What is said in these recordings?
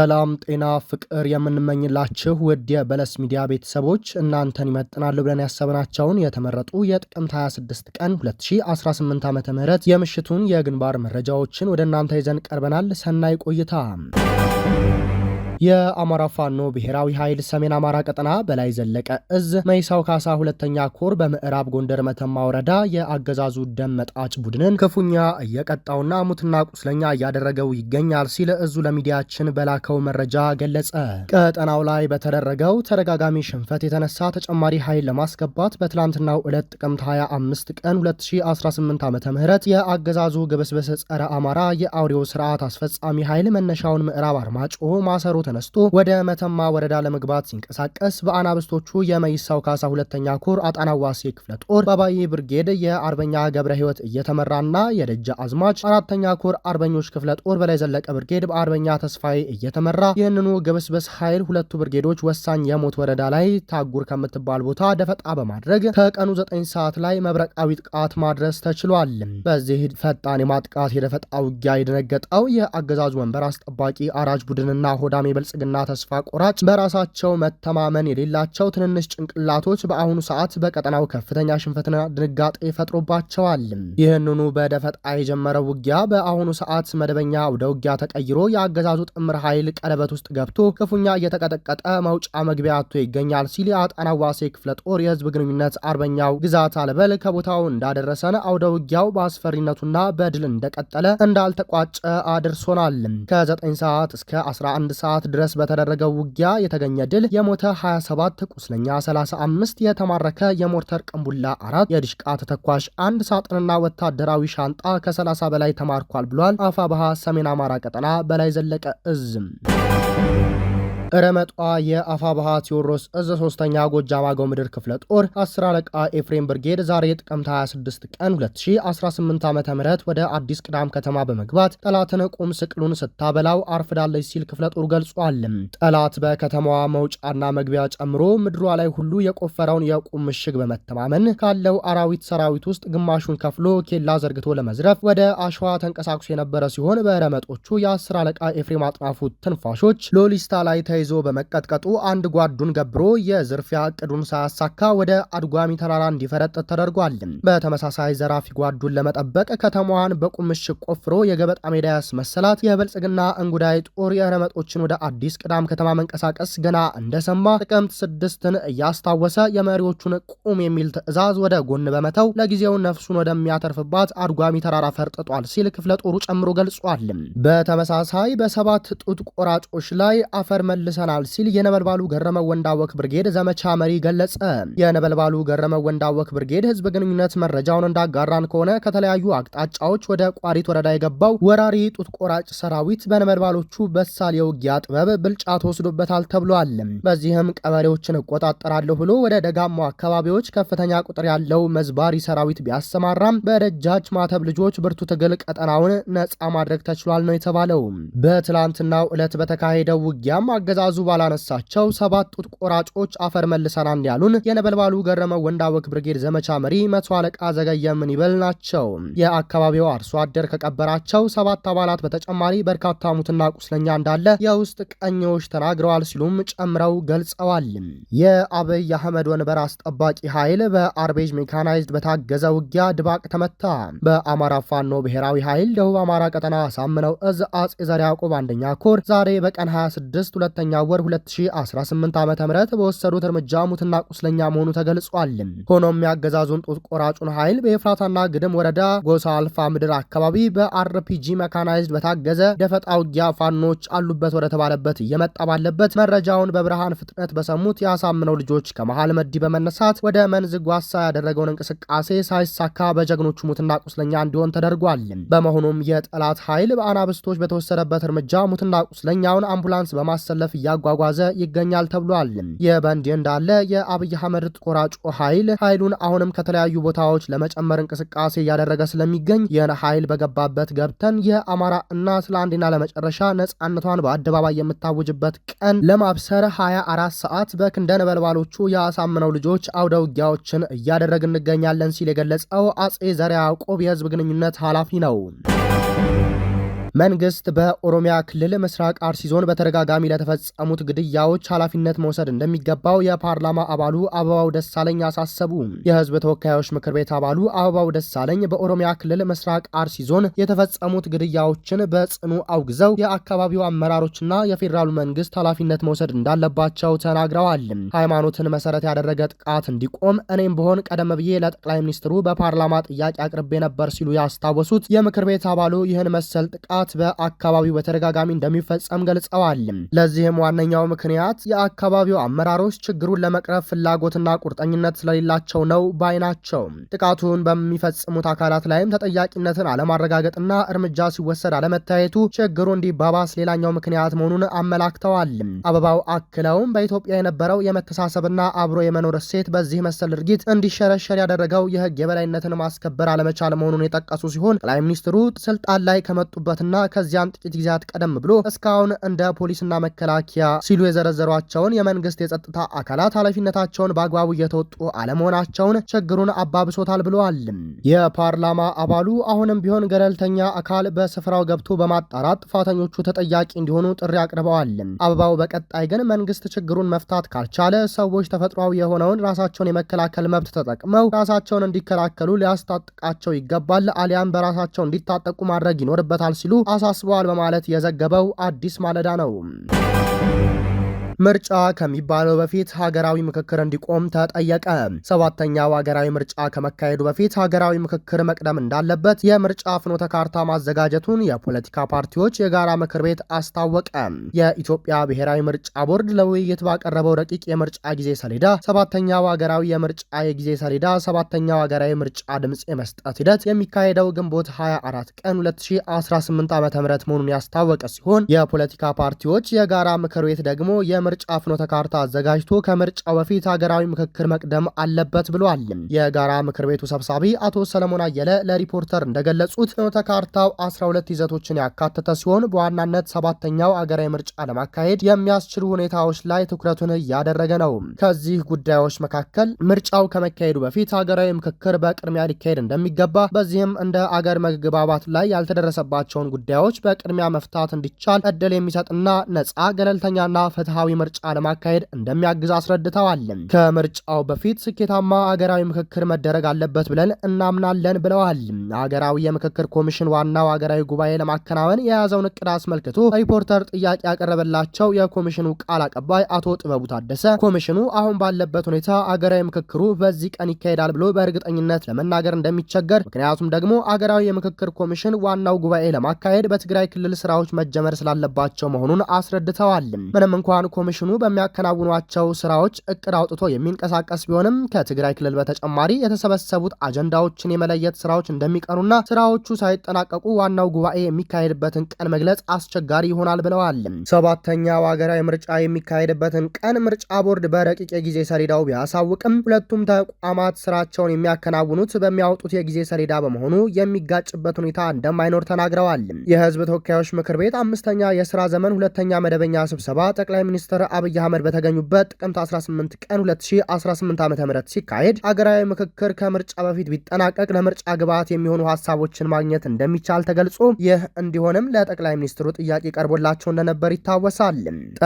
ሰላም፣ ጤና፣ ፍቅር የምንመኝላችሁ ውድ የበለስ ሚዲያ ቤተሰቦች እናንተን ይመጥናሉ ብለን ያሰብናቸውን የተመረጡ የጥቅምት 26 ቀን 2018 ዓ ም የምሽቱን የግንባር መረጃዎችን ወደ እናንተ ይዘን ቀርበናል። ሰናይ ቆይታ የአማራ ፋኖ ብሔራዊ ኃይል ሰሜን አማራ ቀጠና በላይ ዘለቀ እዝ መይሳው ካሳ ሁለተኛ ኮር በምዕራብ ጎንደር መተማ ወረዳ የአገዛዙ ደም መጣጭ ቡድንን ክፉኛ እየቀጣውና ሙትና ቁስለኛ እያደረገው ይገኛል ሲል እዙ ለሚዲያችን በላከው መረጃ ገለጸ። ቀጠናው ላይ በተደረገው ተደጋጋሚ ሽንፈት የተነሳ ተጨማሪ ኃይል ለማስገባት በትላንትናው ዕለት ጥቅምት 25 ቀን 2018 ዓ ም የአገዛዙ ግብስብስ ጸረ አማራ የአውሬው ስርዓት አስፈጻሚ ኃይል መነሻውን ምዕራብ አርማጭሆ ማሰሩ ተነስቶ ወደ መተማ ወረዳ ለመግባት ሲንቀሳቀስ በአናብስቶቹ የመይሳው ካሳ ሁለተኛ ኮር አጣናዋሴ ክፍለ ጦር በባዬ ብርጌድ የአርበኛ ገብረ ህይወት እየተመራና የደጃ አዝማች አራተኛ ኮር አርበኞች ክፍለ ጦር በላይ ዘለቀ ብርጌድ በአርበኛ ተስፋዬ እየተመራ ይህንኑ ግብስብስ ኃይል ሁለቱ ብርጌዶች ወሳኝ የሞት ወረዳ ላይ ታጉር ከምትባል ቦታ ደፈጣ በማድረግ ከቀኑ ዘጠኝ ሰዓት ላይ መብረቃዊ ጥቃት ማድረስ ተችሏል። በዚህ ፈጣን የማጥቃት የደፈጣ ውጊያ የደነገጠው የአገዛዙ ወንበር አስጠባቂ አራጅ ቡድንና ሆዳሜ የብልጽግና ተስፋ ቆራጭ፣ በራሳቸው መተማመን የሌላቸው ትንንሽ ጭንቅላቶች በአሁኑ ሰዓት በቀጠናው ከፍተኛ ሽንፈትና ድንጋጤ ፈጥሮባቸዋል። ይህንኑ በደፈጣ የጀመረው ውጊያ በአሁኑ ሰዓት መደበኛ ወደ ውጊያ ተቀይሮ የአገዛዙ ጥምር ኃይል ቀለበት ውስጥ ገብቶ ክፉኛ እየተቀጠቀጠ መውጫ መግቢያ አቶ ይገኛል ሲል የአጣና ዋሴ ክፍለ ጦር የህዝብ ግንኙነት አርበኛው ግዛት አለበል ከቦታው እንዳደረሰን አውደ ውጊያው በአስፈሪነቱና በድል እንደቀጠለ እንዳልተቋጨ አድርሶናል። ከ9 ሰዓት እስከ 11 ሰዓት ድረስ በተደረገው ውጊያ የተገኘ ድል የሞተ 27፣ ቁስለኛ 35፣ የተማረከ የሞርተር ቅንቡላ አራት፣ የድሽቃ ተተኳሽ አንድ ሳጥንና ወታደራዊ ሻንጣ ከ30 በላይ ተማርኳል ብሏል። አፋ ባሃ ሰሜን አማራ ቀጠና በላይ ዘለቀ እዝም ረመጧ የአፋባሃ ቴዎድሮስ እዝ ሶስተኛ ጎጃም አገው ምድር ክፍለ ጦር አስር አለቃ ኤፍሬም ብርጌድ ዛሬ ጥቅምት 26 ቀን 2018 ዓ ም ወደ አዲስ ቅዳም ከተማ በመግባት ጠላትን ቁም ስቅሉን ስታበላው አርፍዳለች ሲል ክፍለ ጦር ገልጿል። ጠላት በከተማዋ መውጫና መግቢያ ጨምሮ ምድሯ ላይ ሁሉ የቆፈረውን የቁም ምሽግ በመተማመን ካለው አራዊት ሰራዊት ውስጥ ግማሹን ከፍሎ ኬላ ዘርግቶ ለመዝረፍ ወደ አሸዋ ተንቀሳቅሶ የነበረ ሲሆን በረመጦቹ የአስር አለቃ ኤፍሬም አጥናፉ ትንፋሾች ሎሊስታ ላይ ተ ተይዞ በመቀጥቀጡ አንድ ጓዱን ገብሮ የዝርፊያ እቅዱን ሳያሳካ ወደ አድጓሚ ተራራ እንዲፈረጥ ተደርጓል። በተመሳሳይ ዘራፊ ጓዱን ለመጠበቅ ከተማዋን በቁምሽቅ ቆፍሮ የገበጣ ሜዳ ያስመሰላት የብልጽግና እንጉዳይ ጦር የረመጦችን ወደ አዲስ ቅዳም ከተማ መንቀሳቀስ ገና እንደሰማ ጥቅምት ስድስትን እያስታወሰ የመሪዎቹን ቁም የሚል ትዕዛዝ ወደ ጎን በመተው ለጊዜው ነፍሱን ወደሚያተርፍባት አድጓሚ ተራራ ፈርጥጧል ሲል ክፍለ ጦሩ ጨምሮ ገልጿል። በተመሳሳይ በሰባት ጡት ቆራጮች ላይ አፈር መልስ መልሰናል ሲል የነበልባሉ ገረመው ወንዳወክ ብርጌድ ዘመቻ መሪ ገለጸ። የነበልባሉ ገረመው ወንዳወክ ብርጌድ ህዝብ ግንኙነት መረጃውን እንዳጋራን ከሆነ ከተለያዩ አቅጣጫዎች ወደ ቋሪት ወረዳ የገባው ወራሪ ጡት ቆራጭ ሰራዊት በነበልባሎቹ በሳል የውጊያ ጥበብ ብልጫ ተወስዶበታል ተብሏል። በዚህም ቀበሌዎችን እቆጣጠራለሁ ብሎ ወደ ደጋማው አካባቢዎች ከፍተኛ ቁጥር ያለው መዝባሪ ሰራዊት ቢያሰማራም በደጃች ማተብ ልጆች ብርቱ ትግል ቀጠናውን ነጻ ማድረግ ተችሏል ነው የተባለው። በትላንትናው ዕለት በተካሄደው ውጊያም አገዛ አገዛዙ ባላነሳቸው ሰባት ጡት ቆራጮች አፈር መልሰና ያሉን የነበልባሉ ገረመው ወንዳወክ ብርጌድ ዘመቻ መሪ መቶ አለቃ ዘገየ ምን ይበል ናቸው። የአካባቢው አርሶ አደር ከቀበራቸው ሰባት አባላት በተጨማሪ በርካታ ሙትና ቁስለኛ እንዳለ የውስጥ ቀኞች ተናግረዋል ሲሉም ጨምረው ገልጸዋል። የአብይ አህመድ ወንበር አስጠባቂ ኃይል በአርቤጅ ሜካናይዝድ በታገዘ ውጊያ ድባቅ ተመታ። በአማራ ፋኖ ብሔራዊ ኃይል ደቡብ አማራ ቀጠና አሳምነው እዝ አጼ ዘር ያዕቆብ አንደኛ ኮር ዛሬ በቀን 26 ሁለተኛ ወር 2018 ዓ ም በወሰዱት እርምጃ ሙትና ቁስለኛ መሆኑ ተገልጿል። ሆኖም ያገዛዙን ጡት ቆራጩን ኃይል በኤፍራታና ግድም ወረዳ ጎሳ አልፋ ምድር አካባቢ በአርፒጂ መካናይዝድ በታገዘ ደፈጣ ውጊያ ፋኖች አሉበት ወደተባለበት እየመጣ ባለበት መረጃውን በብርሃን ፍጥነት በሰሙት የአሳምነው ልጆች ከመሃል መዲ በመነሳት ወደ መንዝ ጓሳ ያደረገውን እንቅስቃሴ ሳይሳካ በጀግኖቹ ሙትና ቁስለኛ እንዲሆን ተደርጓል። በመሆኑም የጠላት ኃይል በአናብስቶች በተወሰደበት እርምጃ ሙትና ቁስለኛውን አምቡላንስ በማሰለፍ እያጓጓዘ ይገኛል ተብሏል። ይህ በእንዲህ እንዳለ የአብይ አህመድ ጦር ኃይል ኃይሉን አሁንም ከተለያዩ ቦታዎች ለመጨመር እንቅስቃሴ እያደረገ ስለሚገኝ ይህን ኃይል በገባበት ገብተን የአማራ እናት ለአንዴና ለመጨረሻ ነጻነቷን በአደባባይ የምታውጅበት ቀን ለማብሰር 24 ሰዓት በክንደ ነበልባሎቹ የአሳምነው ልጆች አውደ ውጊያዎችን እያደረግን እንገኛለን ሲል የገለጸው አጼ ዘርዓ ያዕቆብ የህዝብ ግንኙነት ኃላፊ ነው። መንግስት በኦሮሚያ ክልል ምስራቅ አርሲ ዞን በተደጋጋሚ ለተፈጸሙት ግድያዎች ኃላፊነት መውሰድ እንደሚገባው የፓርላማ አባሉ አበባው ደሳለኝ አሳሰቡ። የህዝብ ተወካዮች ምክር ቤት አባሉ አበባው ደሳለኝ በኦሮሚያ ክልል ምስራቅ አርሲ ዞን የተፈጸሙት ግድያዎችን በጽኑ አውግዘው የአካባቢው አመራሮችና የፌዴራሉ መንግስት ኃላፊነት መውሰድ እንዳለባቸው ተናግረዋል። ሃይማኖትን መሰረት ያደረገ ጥቃት እንዲቆም እኔም ብሆን ቀደም ብዬ ለጠቅላይ ሚኒስትሩ በፓርላማ ጥያቄ አቅርቤ ነበር ሲሉ ያስታወሱት የምክር ቤት አባሉ ይህን መሰል ጥቃት ጥቃት በአካባቢው በተደጋጋሚ እንደሚፈጸም ገልጸዋል። ለዚህም ዋነኛው ምክንያት የአካባቢው አመራሮች ችግሩን ለመቅረፍ ፍላጎትና ቁርጠኝነት ስለሌላቸው ነው ባይ ናቸው። ጥቃቱን በሚፈጽሙት አካላት ላይም ተጠያቂነትን አለማረጋገጥና እርምጃ ሲወሰድ አለመታየቱ ችግሩ እንዲባባስ ሌላኛው ምክንያት መሆኑን አመላክተዋል። አበባው አክለውም በኢትዮጵያ የነበረው የመተሳሰብና አብሮ የመኖር እሴት በዚህ መሰል ድርጊት እንዲሸረሸር ያደረገው የህግ የበላይነትን ማስከበር አለመቻል መሆኑን የጠቀሱ ሲሆን ጠቅላይ ሚኒስትሩ ስልጣን ላይ ከመጡበትና እና ከዚያም ጥቂት ጊዜያት ቀደም ብሎ እስካሁን እንደ ፖሊስና መከላከያ ሲሉ የዘረዘሯቸውን የመንግስት የጸጥታ አካላት ኃላፊነታቸውን በአግባቡ እየተወጡ አለመሆናቸውን ችግሩን አባብሶታል ብለዋል። የፓርላማ አባሉ አሁንም ቢሆን ገለልተኛ አካል በስፍራው ገብቶ በማጣራት ጥፋተኞቹ ተጠያቂ እንዲሆኑ ጥሪ አቅርበዋል። አበባው በቀጣይ ግን መንግስት ችግሩን መፍታት ካልቻለ ሰዎች ተፈጥሯዊ የሆነውን ራሳቸውን የመከላከል መብት ተጠቅመው ራሳቸውን እንዲከላከሉ ሊያስታጥቃቸው ይገባል፣ አሊያም በራሳቸው እንዲታጠቁ ማድረግ ይኖርበታል ሲሉ አሳስበዋል በማለት የዘገበው አዲስ ማለዳ ነው። ምርጫ ከሚባለው በፊት ሀገራዊ ምክክር እንዲቆም ተጠየቀ። ሰባተኛው ሀገራዊ ምርጫ ከመካሄዱ በፊት ሀገራዊ ምክክር መቅደም እንዳለበት የምርጫ ፍኖተ ካርታ ማዘጋጀቱን የፖለቲካ ፓርቲዎች የጋራ ምክር ቤት አስታወቀ። የኢትዮጵያ ብሔራዊ ምርጫ ቦርድ ለውይይት ባቀረበው ረቂቅ የምርጫ ጊዜ ሰሌዳ ሰባተኛው ሀገራዊ የምርጫ የጊዜ ሰሌዳ ሰባተኛው ሀገራዊ ምርጫ ድምፅ የመስጠት ሂደት የሚካሄደው ግንቦት 24 ቀን 2018 ዓ ም መሆኑን ያስታወቀ ሲሆን የፖለቲካ ፓርቲዎች የጋራ ምክር ቤት ደግሞ የምርጫ ፍኖተ ካርታ አዘጋጅቶ ከምርጫው በፊት ሀገራዊ ምክክር መቅደም አለበት ብለዋል። የጋራ ምክር ቤቱ ሰብሳቢ አቶ ሰለሞን አየለ ለሪፖርተር እንደገለጹት ፍኖተ ካርታው 12 ይዘቶችን ያካተተ ሲሆን በዋናነት ሰባተኛው ሀገራዊ ምርጫ ለማካሄድ የሚያስችሉ ሁኔታዎች ላይ ትኩረቱን እያደረገ ነው። ከዚህ ጉዳዮች መካከል ምርጫው ከመካሄዱ በፊት ሀገራዊ ምክክር በቅድሚያ ሊካሄድ እንደሚገባ፣ በዚህም እንደ አገር መግባባት ላይ ያልተደረሰባቸውን ጉዳዮች በቅድሚያ መፍታት እንዲቻል እድል የሚሰጥና ነጻ ገለልተኛና ፍትሐዊ ምርጫ ለማካሄድ እንደሚያግዝ አስረድተዋል። ከምርጫው በፊት ስኬታማ አገራዊ ምክክር መደረግ አለበት ብለን እናምናለን ብለዋል። አገራዊ የምክክር ኮሚሽን ዋናው አገራዊ ጉባኤ ለማከናወን የያዘውን እቅድ አስመልክቶ ሪፖርተር ጥያቄ ያቀረበላቸው የኮሚሽኑ ቃል አቀባይ አቶ ጥበቡ ታደሰ ኮሚሽኑ አሁን ባለበት ሁኔታ አገራዊ ምክክሩ በዚህ ቀን ይካሄዳል ብሎ በእርግጠኝነት ለመናገር እንደሚቸገር፣ ምክንያቱም ደግሞ አገራዊ የምክክር ኮሚሽን ዋናው ጉባኤ ለማካሄድ በትግራይ ክልል ስራዎች መጀመር ስላለባቸው መሆኑን አስረድተዋል። ምንም እንኳን ኮሚሽኑ በሚያከናውኗቸው ስራዎች እቅድ አውጥቶ የሚንቀሳቀስ ቢሆንም ከትግራይ ክልል በተጨማሪ የተሰበሰቡት አጀንዳዎችን የመለየት ስራዎች እንደሚቀሩና ስራዎቹ ሳይጠናቀቁ ዋናው ጉባኤ የሚካሄድበትን ቀን መግለጽ አስቸጋሪ ይሆናል ብለዋል። ሰባተኛው ሀገራዊ ምርጫ የሚካሄድበትን ቀን ምርጫ ቦርድ በረቂቅ የጊዜ ሰሌዳው ቢያሳውቅም ሁለቱም ተቋማት ስራቸውን የሚያከናውኑት በሚያወጡት የጊዜ ሰሌዳ በመሆኑ የሚጋጭበት ሁኔታ እንደማይኖር ተናግረዋል። የህዝብ ተወካዮች ምክር ቤት አምስተኛ የስራ ዘመን ሁለተኛ መደበኛ ስብሰባ ጠቅላይ ሚኒስትር ዶክተር አብይ አህመድ በተገኙበት ጥቅምት 18 ቀን 2018 ዓ ም ሲካሄድ አገራዊ ምክክር ከምርጫ በፊት ቢጠናቀቅ ለምርጫ ግብዓት የሚሆኑ ሀሳቦችን ማግኘት እንደሚቻል ተገልጾ ይህ እንዲሆንም ለጠቅላይ ሚኒስትሩ ጥያቄ ቀርቦላቸው እንደነበር ይታወሳል።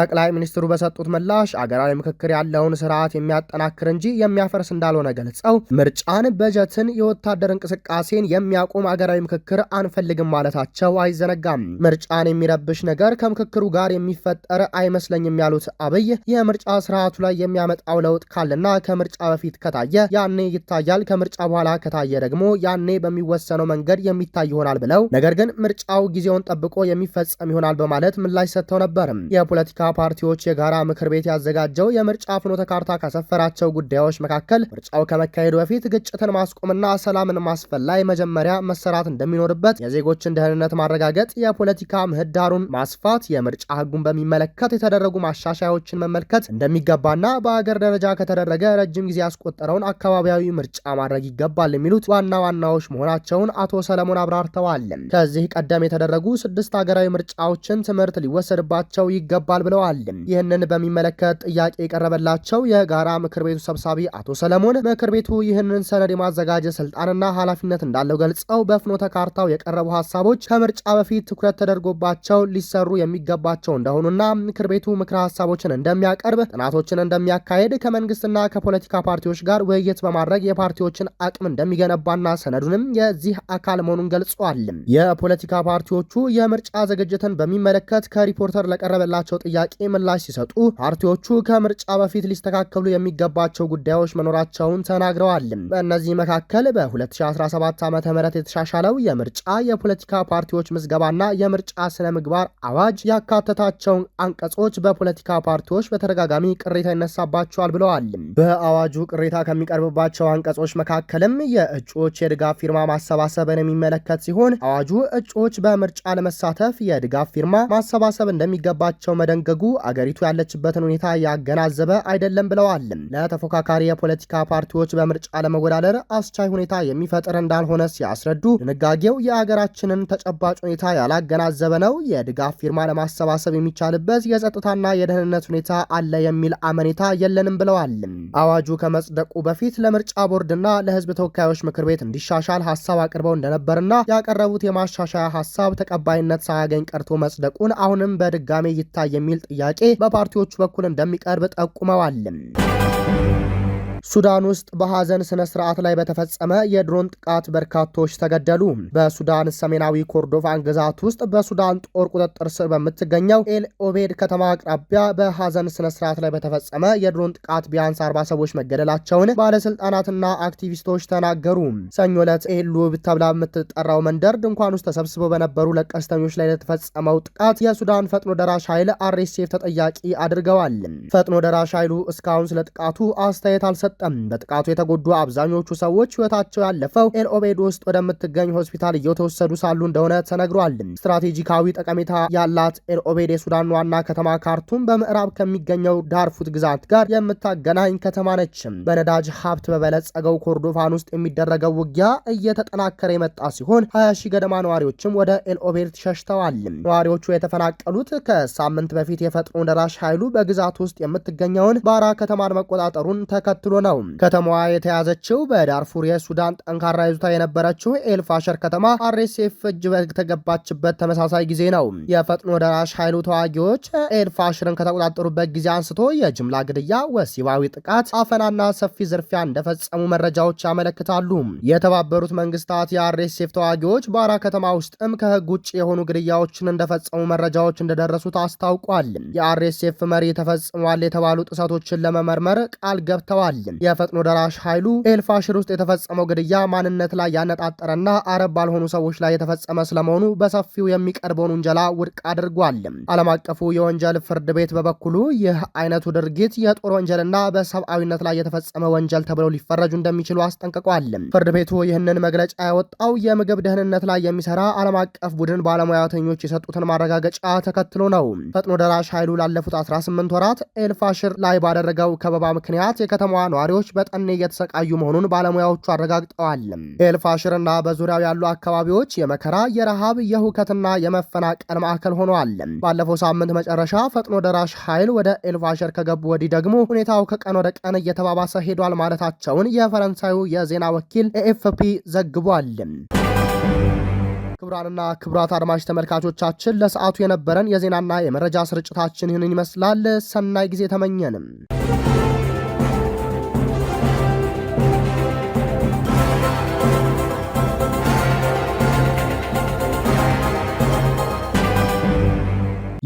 ጠቅላይ ሚኒስትሩ በሰጡት ምላሽ አገራዊ ምክክር ያለውን ስርዓት የሚያጠናክር እንጂ የሚያፈርስ እንዳልሆነ ገልጸው ምርጫን፣ በጀትን፣ የወታደር እንቅስቃሴን የሚያቆም አገራዊ ምክክር አንፈልግም ማለታቸው አይዘነጋም። ምርጫን የሚረብሽ ነገር ከምክክሩ ጋር የሚፈጠር አይመስለኝም ያሉ ያሉት አብይ የምርጫ ስርዓቱ ላይ የሚያመጣው ለውጥ ካለና ከምርጫ በፊት ከታየ ያኔ ይታያል፣ ከምርጫ በኋላ ከታየ ደግሞ ያኔ በሚወሰነው መንገድ የሚታይ ይሆናል ብለው ነገር ግን ምርጫው ጊዜውን ጠብቆ የሚፈጸም ይሆናል በማለት ምላሽ ሰጥተው ነበርም። የፖለቲካ ፓርቲዎች የጋራ ምክር ቤት ያዘጋጀው የምርጫ ፍኖተ ካርታ ካሰፈራቸው ጉዳዮች መካከል ምርጫው ከመካሄዱ በፊት ግጭትን ማስቆምና ሰላምን ማስፈን ላይ መጀመሪያ መሰራት እንደሚኖርበት፣ የዜጎችን ደህንነት ማረጋገጥ፣ የፖለቲካ ምህዳሩን ማስፋት፣ የምርጫ ህጉን በሚመለከት የተደረጉ ማሻ መሻሻያዎችን መመልከት እንደሚገባና በአገር ደረጃ ከተደረገ ረጅም ጊዜ ያስቆጠረውን አካባቢያዊ ምርጫ ማድረግ ይገባል የሚሉት ዋና ዋናዎች መሆናቸውን አቶ ሰለሞን አብራርተዋል። ከዚህ ቀደም የተደረጉ ስድስት ሀገራዊ ምርጫዎችን ትምህርት ሊወሰድባቸው ይገባል ብለዋል። ይህንን በሚመለከት ጥያቄ የቀረበላቸው የጋራ ምክር ቤቱ ሰብሳቢ አቶ ሰለሞን ምክር ቤቱ ይህንን ሰነድ የማዘጋጀት ስልጣንና ኃላፊነት እንዳለው ገልጸው በፍኖተ ካርታው የቀረቡ ሀሳቦች ከምርጫ በፊት ትኩረት ተደርጎባቸው ሊሰሩ የሚገባቸው እንደሆኑና ምክር ቤቱ ምክር ሀሳቦችን እንደሚያቀርብ፣ ጥናቶችን እንደሚያካሄድ፣ ከመንግስትና ከፖለቲካ ፓርቲዎች ጋር ውይይት በማድረግ የፓርቲዎችን አቅም እንደሚገነባና ሰነዱንም የዚህ አካል መሆኑን ገልጿል። የፖለቲካ ፓርቲዎቹ የምርጫ ዝግጅትን በሚመለከት ከሪፖርተር ለቀረበላቸው ጥያቄ ምላሽ ሲሰጡ ፓርቲዎቹ ከምርጫ በፊት ሊስተካከሉ የሚገባቸው ጉዳዮች መኖራቸውን ተናግረዋል። በእነዚህ መካከል በ2017 ዓ ም የተሻሻለው የምርጫ የፖለቲካ ፓርቲዎች ምዝገባና የምርጫ ስነ ምግባር አዋጅ ያካተታቸውን አንቀጾች በፖለቲካ የፖለቲካ ፓርቲዎች በተደጋጋሚ ቅሬታ ይነሳባቸዋል ብለዋል። በአዋጁ ቅሬታ ከሚቀርብባቸው አንቀጾች መካከልም የእጩዎች የድጋፍ ፊርማ ማሰባሰብን የሚመለከት ሲሆን አዋጁ እጩዎች በምርጫ ለመሳተፍ የድጋፍ ፊርማ ማሰባሰብ እንደሚገባቸው መደንገጉ አገሪቱ ያለችበትን ሁኔታ ያገናዘበ አይደለም ብለዋል። ለተፎካካሪ የፖለቲካ ፓርቲዎች በምርጫ ለመወዳደር አስቻይ ሁኔታ የሚፈጥር እንዳልሆነ ሲያስረዱ ድንጋጌው የአገራችንን ተጨባጭ ሁኔታ ያላገናዘበ ነው። የድጋፍ ፊርማ ለማሰባሰብ የሚቻልበት የጸጥታና የደ የደህንነት ሁኔታ አለ የሚል አመኔታ የለንም ብለዋል። አዋጁ ከመጽደቁ በፊት ለምርጫ ቦርድና ለህዝብ ተወካዮች ምክር ቤት እንዲሻሻል ሀሳብ አቅርበው እንደነበርና ያቀረቡት የማሻሻያ ሀሳብ ተቀባይነት ሳያገኝ ቀርቶ መጽደቁን አሁንም በድጋሜ ይታይ የሚል ጥያቄ በፓርቲዎቹ በኩል እንደሚቀርብ ጠቁመዋል። ሱዳን ውስጥ በሐዘን ስነ ስርዓት ላይ በተፈጸመ የድሮን ጥቃት በርካቶች ተገደሉ። በሱዳን ሰሜናዊ ኮርዶቫን ግዛት ውስጥ በሱዳን ጦር ቁጥጥር ስር በምትገኘው ኤል ኦቤድ ከተማ አቅራቢያ በሐዘን ስነ ስርዓት ላይ በተፈጸመ የድሮን ጥቃት ቢያንስ አርባ ሰዎች መገደላቸውን ባለስልጣናትና አክቲቪስቶች ተናገሩ። ሰኞ ዕለት ኤል ሉብ ተብላ በምትጠራው መንደር ድንኳን ውስጥ ተሰብስበው በነበሩ ለቀስተኞች ላይ ለተፈጸመው ጥቃት የሱዳን ፈጥኖ ደራሽ ኃይል አርኤስኤፍ ተጠያቂ አድርገዋል። ፈጥኖ ደራሽ ኃይሉ እስካሁን ስለ ጥቃቱ አስተያየት አልሰጠም። በጥቃቱ የተጎዱ አብዛኞቹ ሰዎች ህይወታቸው ያለፈው ኤልኦቤድ ውስጥ ወደምትገኝ ሆስፒታል እየተወሰዱ ሳሉ እንደሆነ ተነግሯል። ስትራቴጂካዊ ጠቀሜታ ያላት ኤልኦቤድ የሱዳን ዋና ከተማ ካርቱም በምዕራብ ከሚገኘው ዳርፉት ግዛት ጋር የምታገናኝ ከተማ ነች። በነዳጅ ሀብት በበለጸገው ኮርዶፋን ውስጥ የሚደረገው ውጊያ እየተጠናከረ የመጣ ሲሆን ሀያ ሺህ ገደማ ነዋሪዎችም ወደ ኤልኦቤድ ሸሽተዋል። ነዋሪዎቹ የተፈናቀሉት ከሳምንት በፊት የፈጥኖ ደራሽ ኃይሉ በግዛት ውስጥ የምትገኘውን ባራ ከተማን መቆጣጠሩን ተከትሎ ነው። ነው። ከተማዋ የተያዘችው በዳርፉር የሱዳን ጠንካራ ይዞታ የነበረችው ኤልፋሸር ከተማ አርኤስኤፍ እጅ በተገባችበት ተመሳሳይ ጊዜ ነው። የፈጥኖ ደራሽ ኃይሉ ተዋጊዎች ኤልፋሽርን ከተቆጣጠሩበት ጊዜ አንስቶ የጅምላ ግድያ፣ ወሲባዊ ጥቃት፣ አፈናና ሰፊ ዝርፊያ እንደፈጸሙ መረጃዎች ያመለክታሉ። የተባበሩት መንግስታት የአርኤስኤፍ ተዋጊዎች ባራ ከተማ ውስጥም ከህግ ውጭ የሆኑ ግድያዎችን እንደፈጸሙ መረጃዎች እንደደረሱት አስታውቋል። የአርኤስኤፍ መሪ ተፈጽሟል የተባሉ ጥሰቶችን ለመመርመር ቃል ገብተዋል። የፈጥኖ ደራሽ ኃይሉ ኤልፋሽር ውስጥ የተፈጸመው ግድያ ማንነት ላይ ያነጣጠረና አረብ ባልሆኑ ሰዎች ላይ የተፈጸመ ስለመሆኑ በሰፊው የሚቀርበውን ውንጀላ ውድቅ አድርጓል። ዓለም አቀፉ የወንጀል ፍርድ ቤት በበኩሉ ይህ አይነቱ ድርጊት የጦር ወንጀልና በሰብአዊነት ላይ የተፈጸመ ወንጀል ተብለው ሊፈረጁ እንደሚችሉ አስጠንቅቋል። ፍርድ ቤቱ ይህንን መግለጫ ያወጣው የምግብ ደህንነት ላይ የሚሰራ ዓለም አቀፍ ቡድን ባለሙያተኞች የሰጡትን ማረጋገጫ ተከትሎ ነው። ፈጥኖ ደራሽ ኃይሉ ላለፉት 18 ወራት ኤልፋሽር ላይ ባደረገው ከበባ ምክንያት የከተማዋ ነዋሪ ነዋሪዎች በጠኔ እየተሰቃዩ መሆኑን ባለሙያዎቹ አረጋግጠዋል። ኤልፋሽርና በዙሪያው ያሉ አካባቢዎች የመከራ የረሃብ የሁከትና የመፈናቀል ማዕከል ሆነዋል። ባለፈው ሳምንት መጨረሻ ፈጥኖ ደራሽ ኃይል ወደ ኤልፋሽር ከገቡ ወዲህ ደግሞ ሁኔታው ከቀን ወደ ቀን እየተባባሰ ሄዷል ማለታቸውን የፈረንሳዩ የዜና ወኪል ኤኤፍፒ ዘግቧል። ክቡራንና ክቡራት አድማጭ ተመልካቾቻችን ለሰዓቱ የነበረን የዜናና የመረጃ ስርጭታችን ይህንን ይመስላል። ሰናይ ጊዜ ተመኘንም።